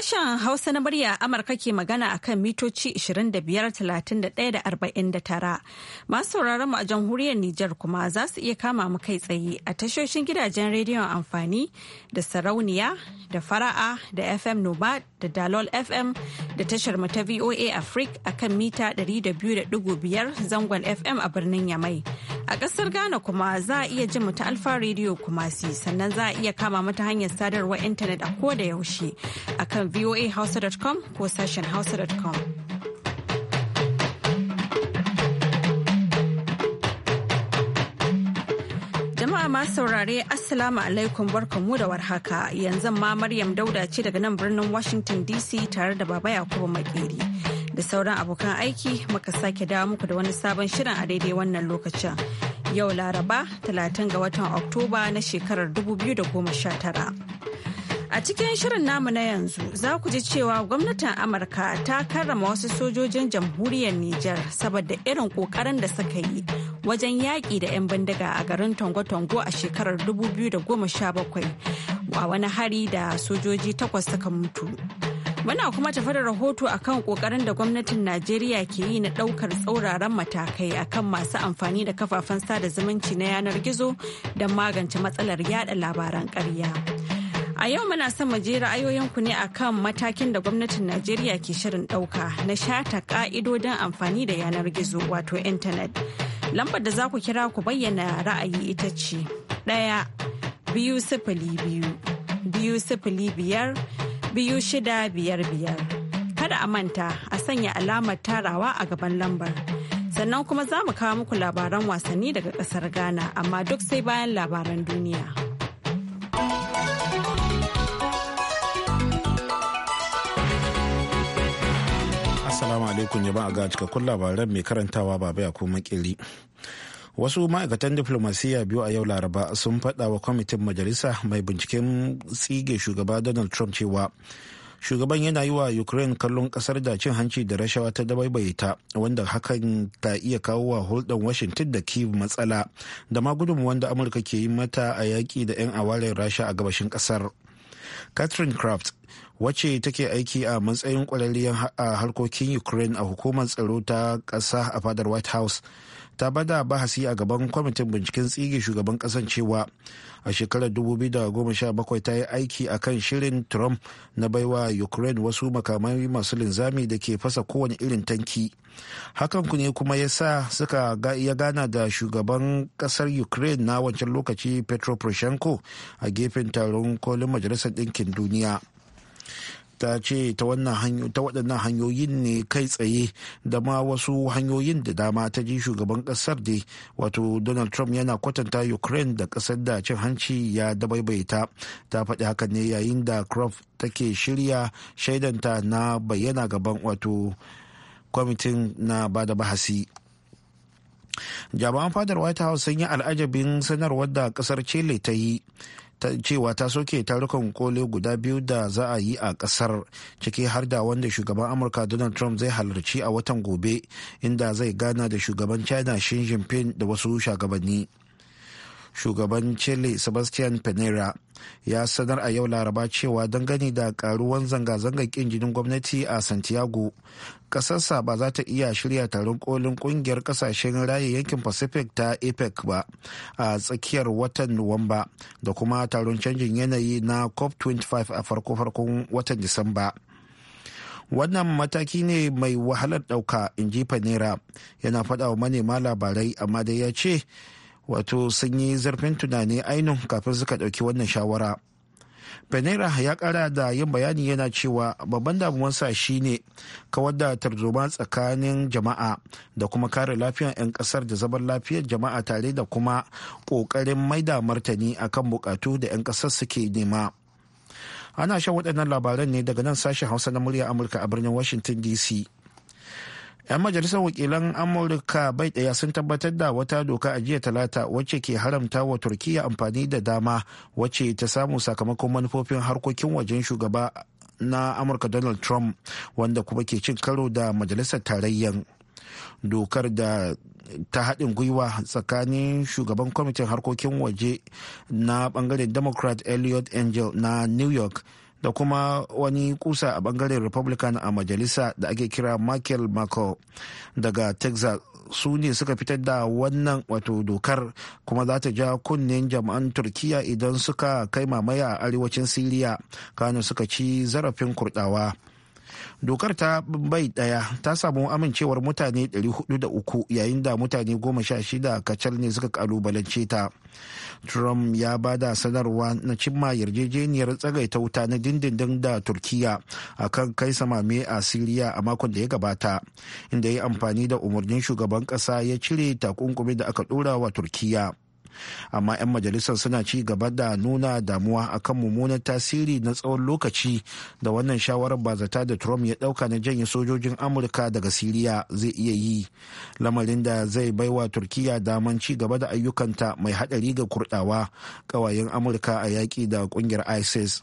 Sashen Hausa na murya Amurka ke magana a kan mitoci 25,31,49. Masu sauraron mu a jamhuriyar Nijar kuma za su iya kama mu kai tsaye a tashoshin gidajen rediyon amfani da sarauniya da fara'a da FM Noma da Dalol FM da tashar mu ta VOA Africa a kan mita 200.5 zangon FM a birnin Yamai. A ƙasar Ghana kuma za a iya jin mu ta Alfa Radio Kumasi sannan za a iya kama mata hanyar sadarwar intanet a koda yaushe a kan kan voahausa.com ko sashen hausa.com. Jama'a masu saurare Assalamu alaikum barkanmu da warhaka yanzu ma Maryam Dauda ce daga nan birnin Washington DC tare da Baba Yakubu Makeri da sauran abokan aiki muka sake dawo muku da wani sabon shirin a daidai wannan lokacin. Yau Laraba 30 ga watan Oktoba na shekarar 2019. A cikin shirin namu na yanzu za ku ji cewa gwamnatin Amurka ta karrama wasu sojojin jamhuriyar Nijar saboda irin ƙoƙarin da suka yi wajen yaƙi da 'yan bindiga a garin Tongo-Tongo a shekarar 2017 a wani hari da sojoji takwas suka mutu. Muna kuma tafi da rahoto a kan ƙoƙarin da gwamnatin Najeriya ke yi na ɗaukar tsauraran matakai a kan masu amfani da kafafen sada zumunci na yanar gizo don magance matsalar yada labaran ƙarya. A yau muna son mu je ra'ayoyinku ne akan matakin da gwamnatin Najeriya ke shirin ɗauka na shata ka'idodin amfani da yanar gizo wato intanet. Lambar da za ku kira ku bayyana ra'ayi ita ce ɗaya biyu sifili biyu biyu sifili biyar biyu shida biyar biyar. Kada a manta a sanya alamar tarawa a gaban lambar. Sannan kuma za mu kawo muku labaran wasanni daga ƙasar Ghana amma duk sai bayan labaran duniya. Assalamu alaikum jama'a ga cikakkun labaran mai karantawa baba ya kuma kiri. Wasu ma'aikatan diflomasiyya biyu a yau Laraba sun faɗa wa kwamitin majalisa mai binciken tsige shugaba Donald Trump cewa shugaban yana yi wa Ukraine kallon kasar da cin hanci da rashawa ta dabaibaita wanda hakan ta iya kawo wa hulɗar Washington da Kyiv matsala da ma gudunmuwan da Amurka ke yi mata a yaƙi da 'yan awalen Rasha a gabashin ƙasar. Catherine Craft wacce take aiki a matsayin kwararriyar harkokin ukraine a hukumar tsaro ta ƙasa a fadar white house ta bada bahasi a gaban kwamitin binciken tsige shugaban ƙasan cewa a shekarar 2017 ta yi aiki a kan shirin trump na baiwa ukraine wasu makamai masu linzami da ke fasa kowane irin tanki hakan ku ne kuma ya sa suka ya gana da shugaban kasar ukraine na wancan lokaci petro poroshenko a gefen taron kolin majalisar ɗinkin duniya ta ce ta waɗannan hanyoyin ne kai tsaye da ma wasu hanyoyin da dama ta ji shugaban ƙasar da wato donald trump yana kwatanta ukraine da ƙasar da cin hanci ya dabaibaita ta faɗi hakan ne yayin da crop take shirya shaidanta na bayyana gaban wato kwamitin na bada bahasi jami'an fadar white house sun yi al'ajabin sanarwar da kasar chile ta yi cewa ta soke tarukan kole guda biyu da za a yi a kasar ciki har da wanda shugaban amurka donald trump zai halarci a watan gobe inda zai gana da shugaban china xi jinping da wasu shugabanni shugaban chile sebastian penera ya sanar a yau laraba cewa dangane da karuwan zanga-zangar kin jinin gwamnati a santiago kasarsa ba za ta iya shirya taron kolin kungiyar kasashen raye yankin pacific ta apec ba a tsakiyar watan nuwamba da kuma taron canjin yanayi na cop 25 a farko-farkon watan disamba wannan mataki ne mai wahalar dauka in ji panera yana fada wa manema labarai amma dai ya ce wato sun yi zarfin tunani ainihin kafin suka ɗauki wannan shawara benera ya kara da yin bayani yana cewa babban damuwan shi shine kawar da tarzoma tsakanin jama'a da kuma kare lafiyar 'yan kasar da zaman lafiyar jama'a tare da kuma kokarin maida martani a kan bukatu da 'yan kasar suke nema ana shan waɗannan labaran ne daga nan sashen hausa na murya amurka a birnin washington dc 'yan majalisar wakilan amurka bai daya sun tabbatar da wata doka a jiya talata wacce ke haramta wa turkiya amfani da dama wacce ta samu sakamakon manufofin harkokin wajen shugaba na amurka donald trump wanda kuma ke cin karo da majalisar tarayyan dokar da ta haɗin gwiwa tsakanin shugaban kwamitin harkokin waje na bangaren democrat elliot angel na new york da kuma wani kusa a bangaren republican a majalisa da ake kira michael mako daga texas su ne suka fitar da wannan wato dokar kuma za ta ja kunnen jama'an turkiya idan suka kai mamaya a arewacin siriya kano suka ci zarafin kurdawa dokar ta bai daya ta samu amincewar mutane 403 yayin da mutane 16 kacal ne suka kalubalance ta trump ya ba da sanarwa na cimma yarjejeniyar ta wuta na dindindin da turkiya a kan kai samame a siriya a makon da ya gabata inda ya yi amfani da umarnin shugaban kasa ya cire takunkumi da aka dora wa Turkiyya. amma 'yan majalisar suna ci gaba da nuna damuwa akan mummunan tasiri na tsawon lokaci da wannan shawarar bazata da trump ya dauka na janye sojojin amurka daga siriya zai iya yi lamarin da zai baiwa turkiya daman ci gaba da ayyukanta mai hadari ga kurdawa kawayen amurka a yaƙi da kungiyar isis.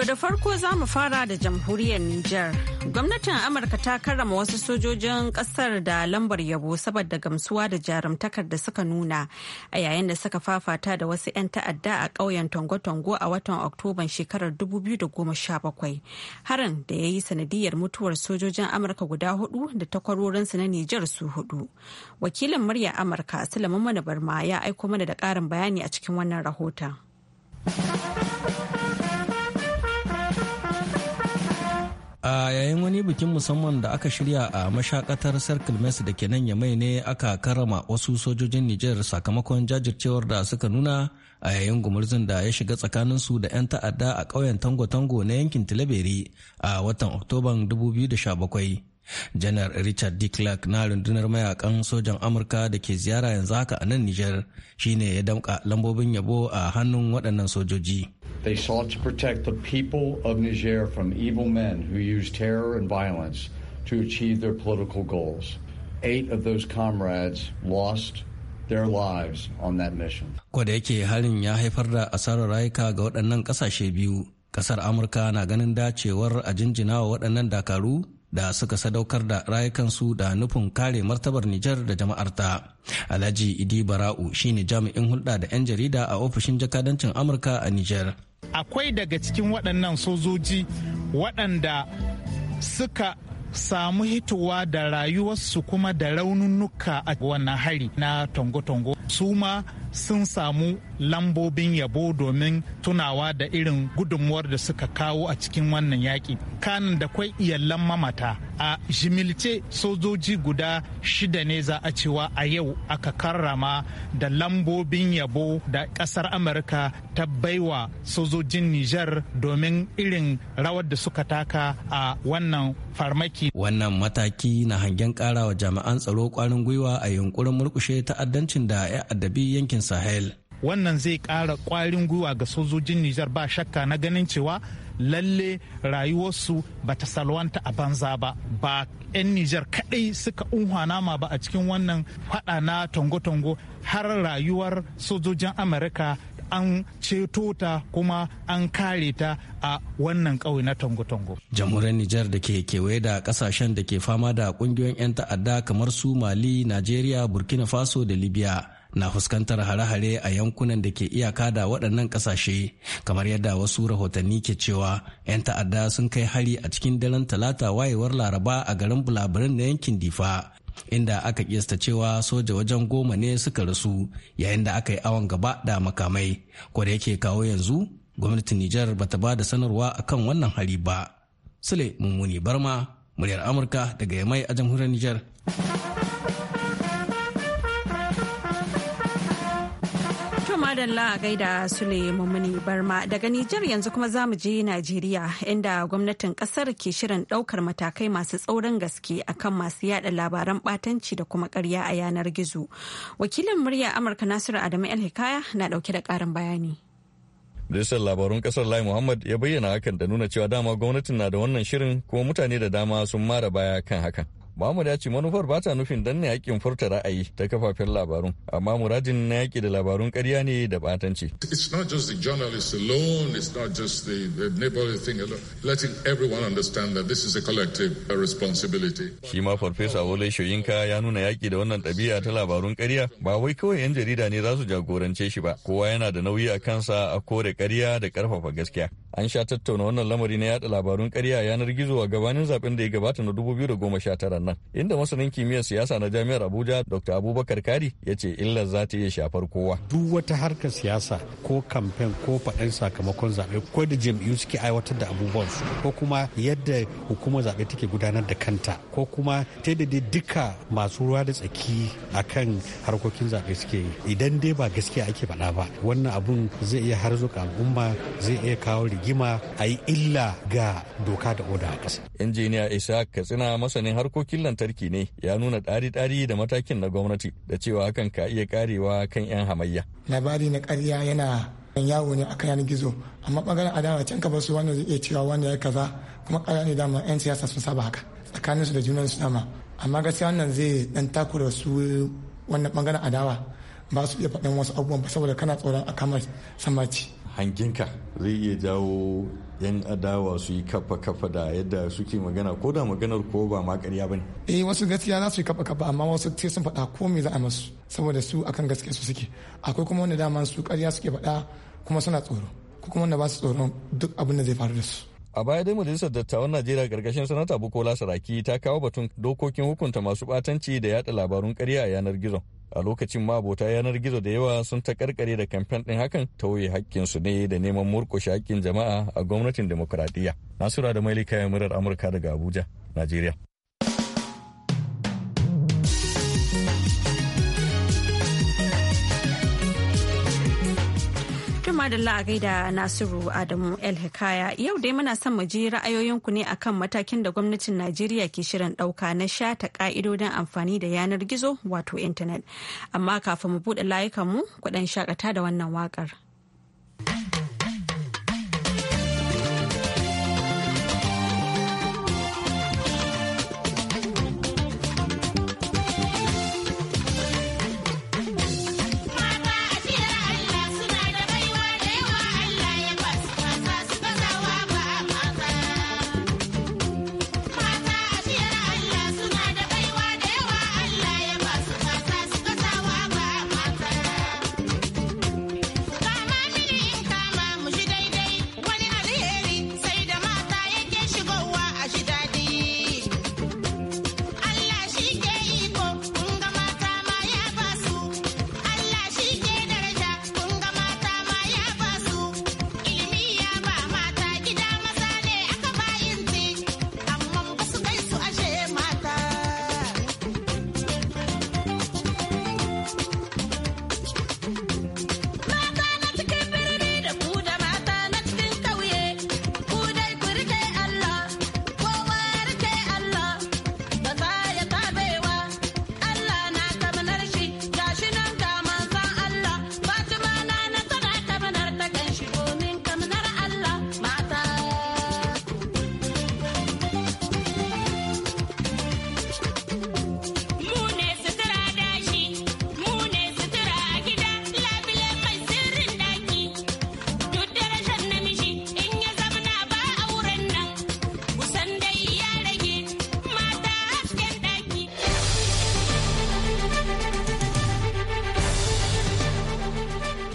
To da farko za mu fara da jamhuriyar Nijar. Gwamnatin Amurka ta karrama wasu sojojin kasar da lambar yabo saboda gamsuwa da jarumtakar da suka nuna a yayin da suka fafata da wasu 'yan ta'adda a ƙauyen Tongo-Tongo a watan Oktoban shekarar 2017. Harin da ya yi sanadiyar mutuwar sojojin Amurka guda hudu da takwarorinsu na Nijar su hudu. Wakilin murya Amurka Sulaiman Mana Barma ya aiko mana da ƙarin bayani a cikin wannan rahoton. a yayin wani bikin musamman da aka shirya a mashakatar circle mess da ke nan yamai ne aka karama wasu sojojin niger sakamakon jajircewar da suka nuna a yayin gumurzun da ya shiga tsakanin su da 'yan ta'adda a ƙauyen tango-tango na yankin tilaberi a watan oktoban 2017 janar richard d clark na rundunar mayakan sojan amurka da ke ziyara yanzu haka a nan nijar shine ya damka lambobin yabo a hannun waɗannan sojoji They sought to protect the people of Niger from evil men who use terror and violence to achieve their political goals. Eight of those comrades lost their lives on that mission. Kwada yake harin ya haifar da asarar rayuka ga waɗannan ƙasashe biyu, ƙasar Amurka na ganin dacewar a jinjina wa waɗannan dakaru da suka sadaukar da rayukansu da nufin kare martabar Nijar da jama'arta. Alhaji Idi Bara'u shine jami'in hulɗa da 'yan jarida a ofishin jakadancin Amurka a Nijar. Akwai daga cikin waɗannan sojoji waɗanda suka samu hitowa da rayuwarsu kuma da raununuka a wannan hari na tongo-tongo. Su ma sun samu lambobin yabo domin tunawa da irin gudunmuwar da suka kawo a cikin wannan yaƙi kanin da kwai iyalan mamata a jimilce sojoji guda shida ne za a cewa a yau aka karrama da lambobin yabo da ƙasar amurka ta baiwa sojojin nijar domin irin rawar da suka taka a wannan farmaki wannan mataki na hangen ƙara wa jami'an tsaro kwarin gwiwa a yunkurin murkushe ta'addancin da ya addabi yankin sahel wannan zai ƙara ƙwarin gwiwa ga sojojin nijar ba shakka na ganin cewa lalle rayuwarsu ba ta salwanta a banza ba ba 'yan nijar kaɗai suka unhwana ma ba a cikin wannan faɗa na tongo-tongo har rayuwar sojojin amurka an ceto ta kuma an kare ta a wannan ƙauye na tongo-tongo. jamhuriyar nijar da ke kewaye da kasashen da ke fama da ƙungiyoyin 'yan ta'adda kamar su mali najeriya burkina faso da libya na fuskantar hare-hare a yankunan da ke iyaka da waɗannan ƙasashe kamar yadda wasu rahotanni ke cewa 'yan ta'adda sun kai hari a cikin daren talata wayewar laraba a garin bulabirin na yankin difa inda aka kiyasta cewa soja wajen goma ne suka rasu yayin da aka yi awon gaba da makamai ko da yake kawo yanzu gwamnatin nijar bata ba da sanarwa akan wannan hari ba sule mummuni barma muryar amurka daga yamai a jamhuriyar nijar Madalla a gaida Sule Mumuni Barma daga Nijar yanzu kuma za mu je Najeriya inda gwamnatin kasar ke shirin daukar matakai masu tsauran gaske akan masu yada labaran batanci da kuma karya a yanar gizo. Wakilin murya Amurka Nasiru Adamu El Hikaya na dauke da karin bayani. Ministan labarun kasar Lai Muhammad ya bayyana hakan da nuna cewa dama gwamnatin na da wannan shirin kuma mutane da dama sun mara baya kan hakan. Mahmud ya ce manufar ba ta nufin danne yakin furta ra'ayi ta kafafen labarun, amma muradin na yaki da labarun ƙarya ne da batanci. It's not just the journalists alone, it's not just the, the neighborhood thing alone. Letting everyone understand that this is a collective responsibility. Shi ma Farfesa Wole Shoyinka ya nuna yaki da wannan ɗabi'a ta labarun ƙarya ba wai kawai 'yan jarida ne za su jagorance shi ba, kowa yana da nauyi a kansa a kore ƙarya da ƙarfafa gaskiya. an sha tattauna wannan lamari na yada labarun karya a yanar gizo a gabanin zaben da ya gabata na 2019 nan inda masanin kimiyyar siyasa na jami'ar abuja dr abubakar kari ya ce illar za ta iya shafar kowa duk wata harkar siyasa ko kamfen ko faɗin sakamakon zaɓe ko da jam'iyyu suke aiwatar da abubuwansu ko kuma yadda hukumar zaɓe take gudanar da kanta ko kuma ta yadda duka masu ruwa da tsaki akan harkokin zaɓe suke yi idan dai ba gaskiya ake faɗa ba wannan abun zai iya harzuka al'umma zai iya kawo rigi rigima a yi illa ga doka da oda a ƙasa. injiniya isa katsina masanin harkokin lantarki ne ya nuna ɗari-ɗari da matakin na gwamnati da cewa hakan ka iya karewa kan 'yan hamayya labari na karya yana yawo ne a yanar gizo amma ɓangaren adawa can ka ba su wanda zai iya cewa wanda ya kaza kuma ƙarya ne dama 'yan siyasa sun saba haka tsakaninsu da su dama amma gaskiya wannan zai ɗan takura su wannan ɓangaren adawa ba su iya faɗin wasu abubuwan ba saboda kana tsoron a kama samaci hanginka zai iya jawo yan adawa su yi kafa kafa da yadda suke magana ko da maganar ko ba ma ƙarya ba ne eh wasu gaskiya za su yi kafa kafa amma wasu sai sun faɗa ko me za a masu saboda su akan gaske su suke akwai kuma wanda dama su ƙarya suke faɗa kuma suna tsoro ko kuma wanda ba su tsoron duk abin da zai faru da su a baya dai majalisar dattawan najeriya gargashin sanata bukola saraki ta kawo batun dokokin hukunta masu batanci da yada labarun karya a yanar gizo a lokacin mabota yanar gizo da yawa sun ta karkare da kamfen ɗin hakan ta tauye su ne da neman murƙushe haƙƙin jama'a a gwamnatin demokuraɗiyya nasura da mailika murar amurka daga abuja najeriya Juma da a gaida Nasiru Adamu El Hikaya yau dai muna son mu ji ra'ayoyinku ne akan matakin da gwamnatin Najeriya ke shirin ɗauka na shata ka'idodin amfani da yanar gizo wato intanet. Amma kafin mu buɗe layukan mu kuɗin shakata da wannan waƙar.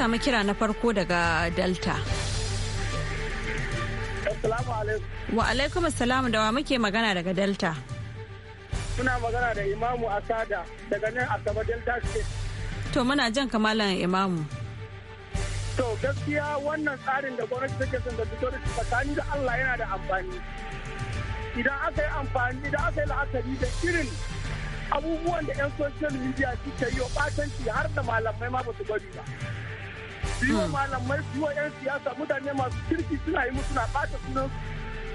samu kira na farko daga Delta. Wa alaikum assalamu da wa muke magana daga Delta. Muna magana da Imamu Asada daga nan Asaba Delta State. To muna jan kamalan Imamu. To gaskiya wannan tsarin da gwamnati take son da fito da tsakanin da Allah yana da amfani. Idan aka yi amfani idan aka yi la'akari da irin abubuwan da 'yan social media suke yi wa ɓatanci har da malamai ma ba su bari ba. Hmm. su yi wa malamai su yi 'yan siyasa mutane masu kirki suna yi musu suna ɓata sunan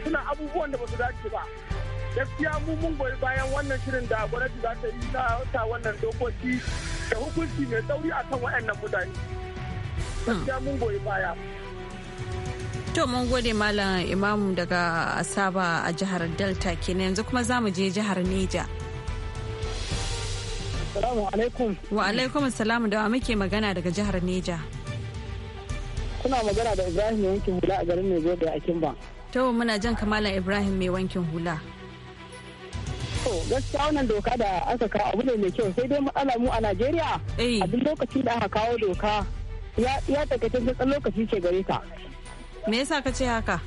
suna abubuwan da ba su dace ba gaskiya mu mun goyi bayan wannan shirin da gwamnati za ta yi na ta wannan dokoki da hukunci mai tsauri akan waɗannan mutane gaskiya mun goyi baya To mun gode Malam Imamu daga Asaba a jihar Delta kenan yanzu kuma za mu je jihar Neja. Salamu alaikum. Wa alaikum salamu da wa muke magana daga jihar Neja. Suna magana da Ibrahim mai wankin hula a garin Mai da a Kimba. tawo muna jan kamala Ibrahim mai wankin hula. to gaskiya wannan doka da aka kawo abu ne mai kyau sai dai matsala mu a Najeriya eh. a duk lokacin da aka kawo doka ya takaitun tsatsan lokaci ce gare ta. Me yasa ka ce haka?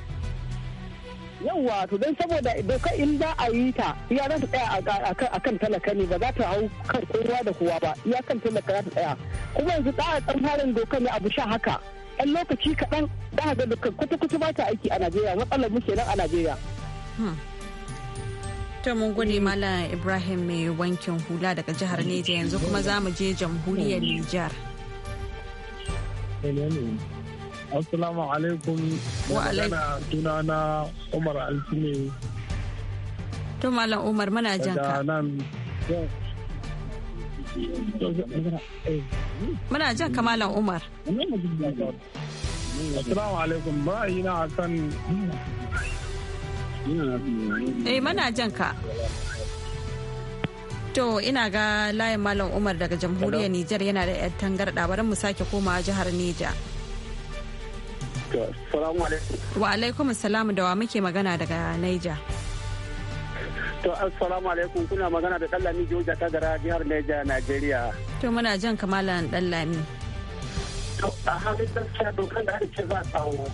Yawwa to don saboda doka in za a yi ta ya za ta tsaya a kan talaka ne ba za ta hau kan kowa da kowa ba ya kan talaka za ta tsaya kuma yanzu tsara tsamfarin doka ne abu sha haka ɗan lokaci kaɗan da ga dukkan kwata-kwata ba ta aiki a Najeriya matsalar muke nan a Najeriya. Hmm. Ta mun gode hmm. Mala Ibrahim mai wankin hula daga jihar hmm. Neja yanzu kuma za mu je jamhuriyar Nijar. Assalamu alaikum. Wa alaikum. Sunana Umar Alfine. Tumala Malam Umar muna jan ka. Muna jan kamalan Umar. Eh mana jan ka. To ina ga layin Malam Umar daga jamhuriyar Nijar yana da yan tangarɗa bari mu sake koma jihar Neja. Wa alaikum salam da wa muke magana daga Niger. To assalamu alaikum kuna magana da Dallami Joja gara jihar Neja Najeriya. To muna jan kamalan Dallami. To a halin gaskiya dokan da ake za a kawo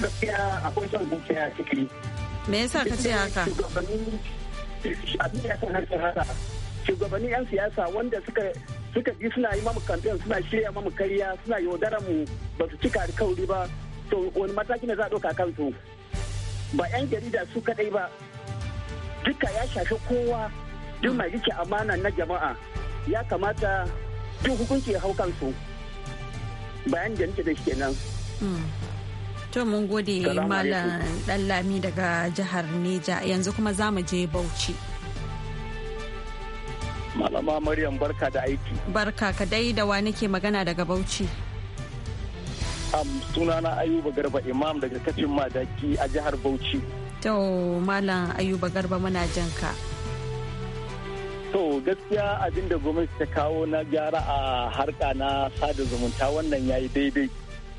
gaskiya akwai son zuciya ciki. Me yasa ka ce haka? ya san haka. Shugabanni 'yan siyasa wanda suka suka ji suna yi mamu kamfen suna shirya mamu kariya suna yaudarar mu ba su cika alkawari ba to wani mataki ne za a ɗauka kansu ba 'yan jarida su kaɗai ba duka ya shafi kowa duk mai rike amana na jama'a ya kamata duk hukunci ya hau kansu bayan da nake da shi kenan. Hmm. To mun gode Malam Ɗanlami daga jihar Neja yanzu kuma za mu je Bauchi. Malama Maryam barka da aiki. Barka ka dai da wa nake magana daga Bauchi. Um, sunana Ayuba Garba Imam daga kacin Madaki a jihar Bauchi. to malam ayuba garba muna jan ka to gaskiya abin da gwamnati ta kawo na gyara a harka na sada zumunta wannan yayi daidai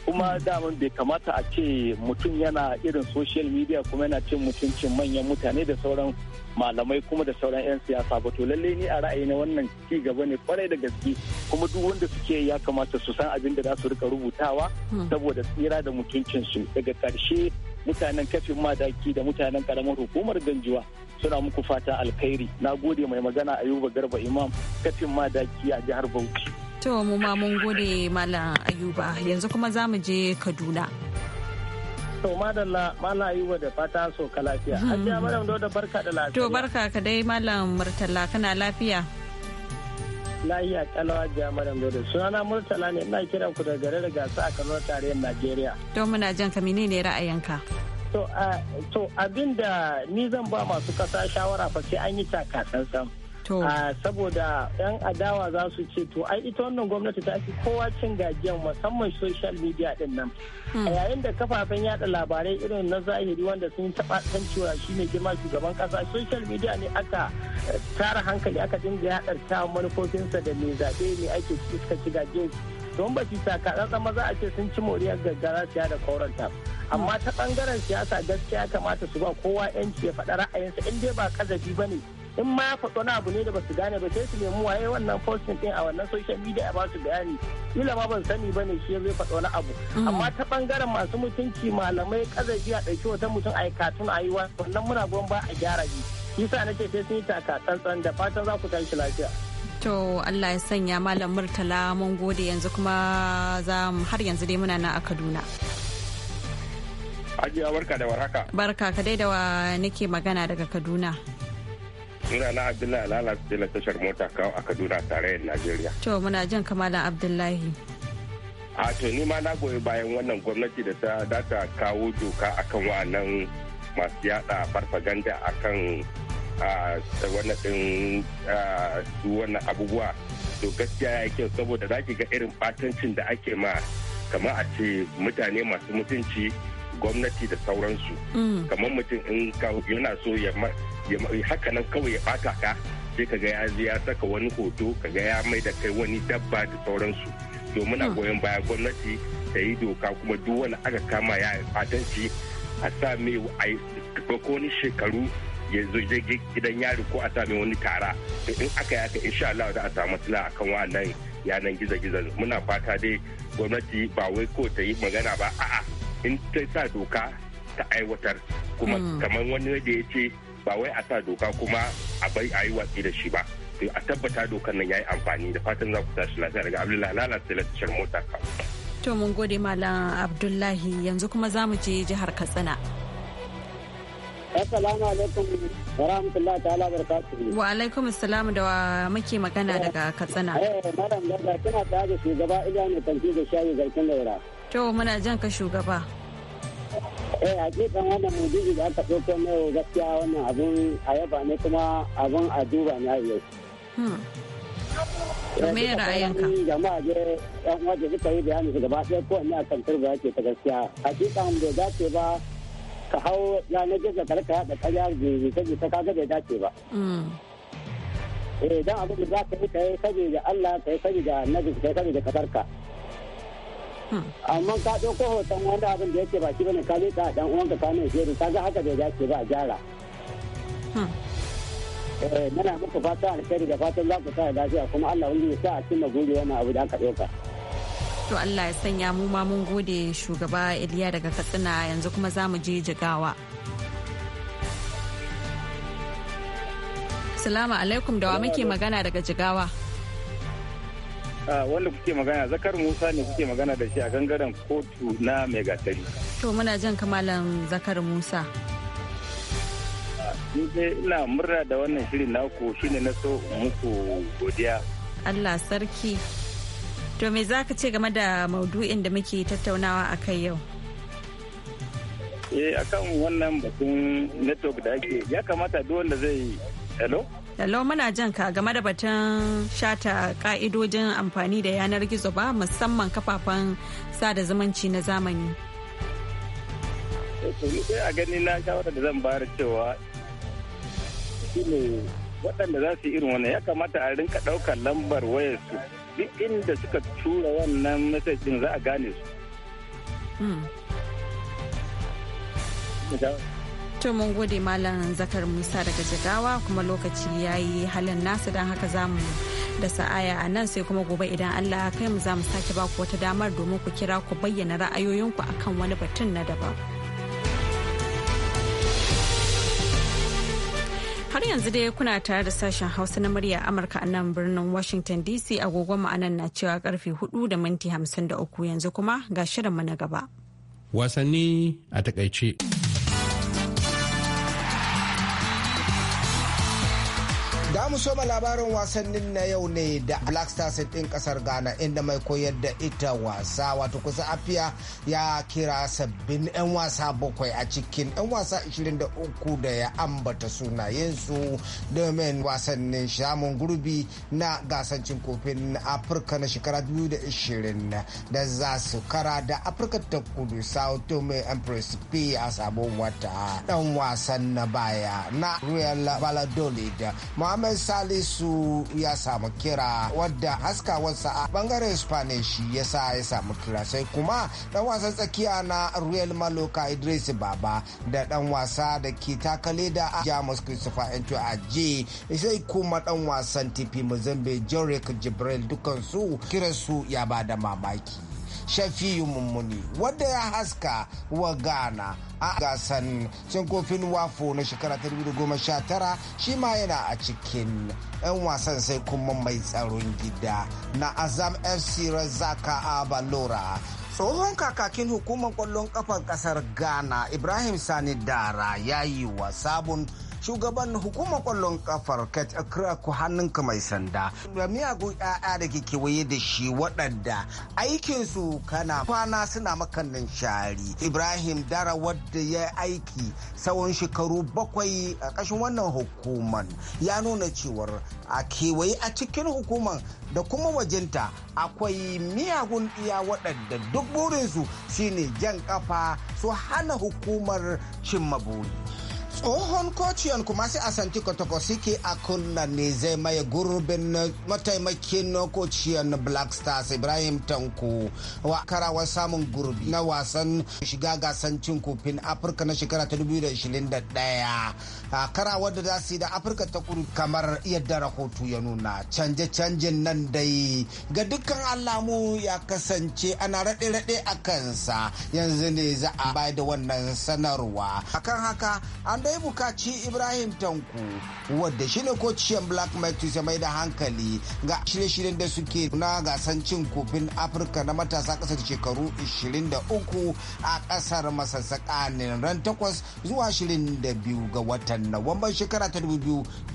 kuma hmm. daman bai kamata a ce mutum yana irin social media kuma yana cin mutuncin manyan mutane da sauran malamai kuma da sauran 'yan siyasa ba to lallai ni a ra'ayi na wannan ci gaba ne kwarai da gaske kuma duk wanda suke ya kamata su san abin da za su rika rubutawa hmm. saboda tsira da mutuncin su daga karshe mutanen kafin madaki da mutanen karamar hukumar ganjuwa suna muku fata alkhairi na gode mai magana ayuba garba imam kafin madaki a jihar bauchi to mu ma mun gode malam ayuba yanzu kuma za mu je kaduna to madalla malam ayuba da fata so ka lafiya hajiya madam da barka da lafiya to barka ka dai malam murtala kana lafiya lahiya jiya jami'ar Bello. Sunana Murtala ne ina kiran ku da gare gasa a Kano tarayyar Najeriya. Don muna jan ka ne ra'ayinka? To abin da ni zan ba masu kasa shawara fa sai an yi taka sam. Ah, saboda yan adawa za su ce to ai ita wannan gwamnati ta fi kowa cin gajiyan musamman social media din nan hmm. a yayin da kafafen yada labarai irin na zahiri wanda sun taba san cewa shine girma shugaban kasa social media ne aka eh, tara hankali aka dinga yadar ta manufofinsa da me zaɓe ne ake suka ci gajiyan don ba su sakaɗa maza a ce sun ci moriyar gaggara siya da koranta amma ta bangaren siyasa gaskiya kamata su ba kowa yanci ya faɗa ra'ayinsa in dai ba kazafi ba ne in ma ya faɗi wani abu ne da basu gane ba sai su nemi waye wannan posting din a wannan social media a su bayani kila ma ban sani ba ne shi zai faɗi wani abu mm. amma ta bangaren masu mutunci malamai kazafi a ɗauki wata mutum a yi katun a yi wannan muna gwan ba a gyara ji shi sa na ce sai sun yi taka tsantsan da fatan za ku tashi lafiya. To Allah ya sanya Malam Murtala mun gode yanzu kuma za har yanzu dai muna nan a Kaduna. Ajiya barka da warhaka. Barka ka dai da wa nake magana daga Kaduna. Suna na Abdullahi su na tashar mota kawo a Kaduna tarayyar Najeriya. To muna jin kamalan Abdullahi. A to ni ma na goyi bayan wannan gwamnati da ta data kawo doka akan wa'annan masu yada farfaganda akan wannan din wannan abubuwa to gaskiya ya kyau saboda za ki ga irin fatancin da ake ma kamar a ce mutane masu mutunci gwamnati da sauransu mm. kamar mutum in yana so ya haka nan kawai ya bata ka sai ka ga ya ya saka wani hoto ka ga ya mai da kai wani dabba da sauransu domin a hmm. goyon baya gwamnati ta yi doka kuma duk wani aka kama ya fatanci a sa mai a ni shekaru ya zo gidan yari ko a sa mai wani tara to in aka yaka insha Allah za a samu matsala akan wannan yanan gizo-gizo muna fata dai gwamnati ba wai ko ta yi magana ba a'a in ta sa doka ta aiwatar kuma hmm. kamar wani da ya ce ba wai a sa doka kuma a bai a yi watsi da shi ba a tabbata dokan nan ya yi amfani da fatan za ku tashi lafiya daga abdullahi lalata da tashar mota ka. to mun gode malam abdullahi yanzu kuma za mu je jihar katsina. assalamu alaikum wa rahmatullahi ta'ala barakatuhu wa alaikum assalam da wa muke magana daga katsina eh madam garda kina da shugaba idan ne kanti da shayi garkin daura to muna jan ka shugaba eh hakikan wannan mujiji da aka ɗauko na yau gaskiya wannan abun a yaba ne kuma abun a duba na yau. Hmm. Eh, me ya ra'ayinka? jama'a je yan waje suka yi bayani su gaba ɗaya ko wani a kantar ba ta gaskiya hakikan bai dace ba ka hau yanar gizo ka rika yaɗa ƙarya jita-jita kaga bai dace ba. Hmm. eh dan abin da za ka yi kai saboda Allah kai saboda annabi kai da kasarka. amma ka ɗauko hoton wanda abin da yake baki bane ka leka dan uwan ka mai jeru ka ga haka bai dace ba a gyara hmm. eh, muna muku fata alheri da fatan za ku sa lafiya kuma Allah wani ya sa a cimma gode wannan abu da aka ɗauka. To Allah ya sanya mu ma mun gode shugaba Iliya daga Katsina yanzu kuma za mu je jigawa. Salamu alaikum da wa muke magana daga jigawa. Ah, wanda kuke magana zakar musa ne kuke magana da shi a gangaren kotu na megatari to muna jan kamalan zakar musa ah, dai ina murna da wannan shirin naku shine na so muku godiya allah sarki to me za ka ce game da maudu'in da muke tattaunawa a kai yau eh akan wannan batun network da ake ya kamata duk wanda zai hello Lalo muna jan ka game da batun shata ka'idojin amfani da yanar gizo ba musamman kafafen sada zumunci na zamani. sai a gani na shawarar da zan bayar cewa shine waɗanda za su yi irin wannan ya kamata a rinka ɗaukar lambar wayarsu duk inda suka tura wannan message za a gane su. Hmm. To mun gode Malam Zakar Musa daga Jigawa kuma lokaci ya yi halin nasu don haka za mu da sa'aya a nan sai kuma gobe idan Allah kai mu za mu sake ba ku wata damar domin ku kira ku bayyana ra'ayoyinku akan wani batun na daban. Har yanzu dai kuna tare da sashen Hausa na murya Amurka a nan birnin Washington DC agogon ma'anan na cewa karfe 4 da minti 53 yanzu kuma ga shirinmu na gaba. Wasanni a takaice. soma labarin wasannin na yau ne da Black Stars ɗin ƙasar Ghana inda mai koyar da ita wasa wato kusa afiya ya kira sabbin 'yan wasa bakwai a cikin 'yan wasa 23 da ya ambata sunayensu domin wasannin shamun gurbi na gasancin kofin Afirka na shekara 2020 da za su kara da Afirka ta kudu Sao Tome empress P a sabon wata. 'yan wasan na baya na Royal Valladolid Mohamed salisu ya samu kira wadda haskawar a bangaren spanish ya sa ya samu kira sai kuma dan wasan tsakiya na real maloka idris baba da dan wasa da ke takale da jamus christopher ento aje sai kuma dan wasan tp mozambique Jorik jibril dukansu kiransu ya ba da mamaki shafiyu mummuni wadda ya haska wa ghana a gasan cin kofin wafo na shekara 2019 shi ma yana a cikin 'yan wasan sai kuma mai tsaron gida na azam fc razaka abalora tsohon kakakin hukumar kwallon kafar kasar ghana ibrahim sani dara ya yi wa sabon shugaban hukumar kwallon kafar kat akra ku hannunka mai sanda da miyagun 'ya'ya da ke kewaye da shi waɗanda aikinsu kana kwana suna makannin shari ibrahim dara wadda ya aiki tsawon shekaru bakwai a ƙashin wannan hukumar ya nuna cewar a kewaye a cikin hukumar. da kuma wajenta akwai miyagun iya waɗanda duk burinsu shine jan kafa su hana hukumar cimma buri tsohon kociyan kuma sai asanti kwatakwasiki a kunna ne zai maye gurbin mataimakin kociyan black stars ibrahim tanko wa karawar samun gurbi na wasan shiga gasan cin kofin afirka na shekara ta 2021 a karawar da za da afirka ta kudu kamar yadda rahoto ya nuna canje-canjen nan dai ga dukkan alamu ya kasance ana raɗe-raɗe a kansa yanzu ne za a bayar da wannan sanarwa akan haka an an dai bukaci ibrahim tanku wadda shi ne kociyan black matthews ya mai da hankali ga shirye-shiryen da suke na gasan cin kofin afirka na matasa kasar shekaru 23 a kasar masar ran 8 zuwa 22 ga watan nawamban shekara ta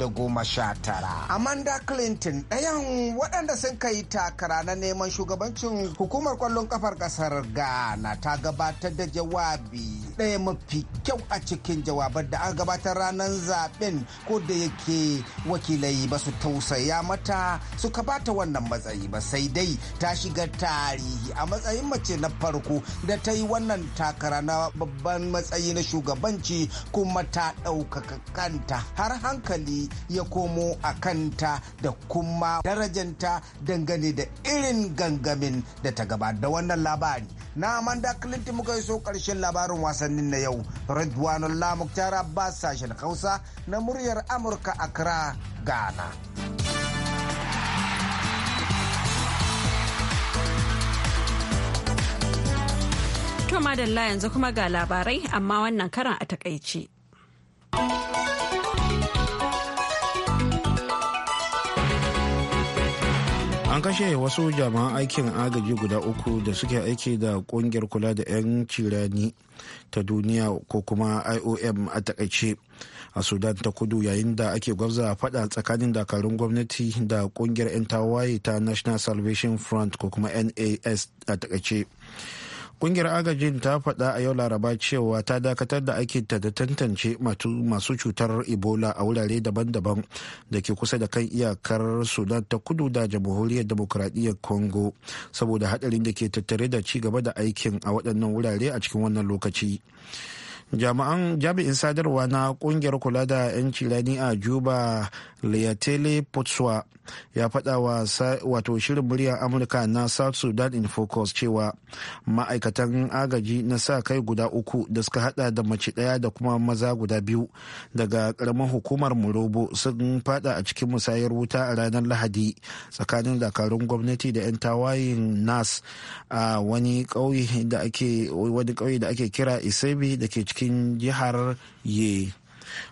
goma sha 2019 amanda clinton ɗayan waɗanda sun kai takara na neman shugabancin hukumar kwallon kafar ƙasar ghana ta gabatar da jawabi ɗaya mafi kyau a cikin jawabar da aka gabatar ranar zaben ko da yake wakilai ba su tausaya mata suka bata wannan matsayi ba sai dai ta shiga tarihi a matsayin mace na farko da ta yi wannan takara na babban matsayi na shugabanci kuma ta ɗaukaka kanta har hankali ya komo a kanta da kuma darajanta dangane da irin gangamin da ta gabata da wannan labari na amanda clinton muka yi so ƙarshen labarin wasa wasannin na yau Redwanullah Muktar Abbas sashen Hausa na muryar Amurka a Accra Ghana. To madalla yanzu kuma ga labarai amma wannan karan a takaice. kashe wasu jama'an aikin agaji guda uku da suke aiki da kungiyar kula da 'yan cirani ta duniya ko kuma iom a takaice a sudan ta kudu yayin da ake gwabza fada tsakanin dakarun gwamnati da kungiyar 'yan tawaye ta national salvation front ko kuma nas a takaice kungiyar agajin ta faɗa a yau laraba cewa ta dakatar da ta da tantance masu cutar ebola a wurare daban-daban da ke kusa da kan iyakar sudan ta kudu da jamhuriyar demokuraɗiyyar congo saboda haɗarin da ke tattare da ci gaba da aikin a waɗannan wurare a cikin wannan lokaci jami'in sadarwa na kungiyar kula da 'yanci Lani a juba Liatele Potswa ya faɗa wa wato shirin muryar Amurka na South Sudan in Focus cewa ma'aikatan agaji na sa kai guda uku da suka hada da mace ɗaya da kuma maza guda biyu daga ƙaramar hukumar Murobo sun fada a cikin musayar wuta a ranar Lahadi tsakanin dakarun gwamnati da 'yan tawayin NAS a wani ƙauye da ake kira Isebi da ke cikin jihar Ye.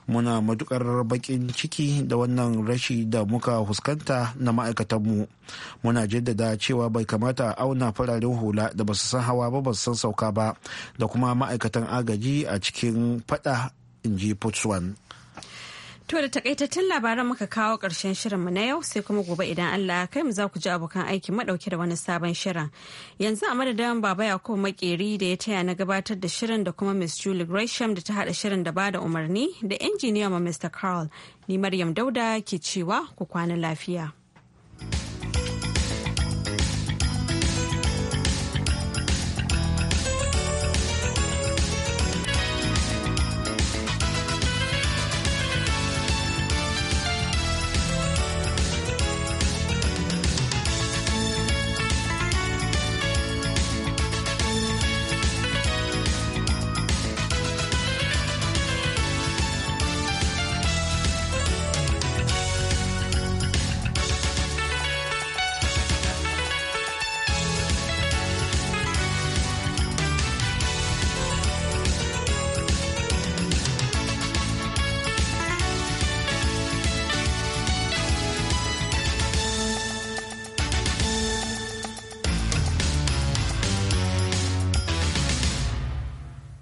muna matukar bakin ciki da wannan rashi da muka huskanta na ma'aikatanmu muna jaddada cewa bai kamata auna fararen hula da basu san hawa ba basu san sauka ba da kuma ma'aikatan agaji a cikin fada in ji putswan To da takaitattun labaran muka kawo ƙarshen mu na yau sai kuma gobe idan Allah ya kai mu za ku ji abokan aiki madauke da wani sabon shirin. Yanzu a madadin Baba Yakubu Makeri da ya taya na gabatar da shirin da kuma Miss Julie Gresham da ta haɗa shirin da bada umarni da injiniya ma Mr. Carl. Ni Maryam Dauda ke cewa ku kwana lafiya.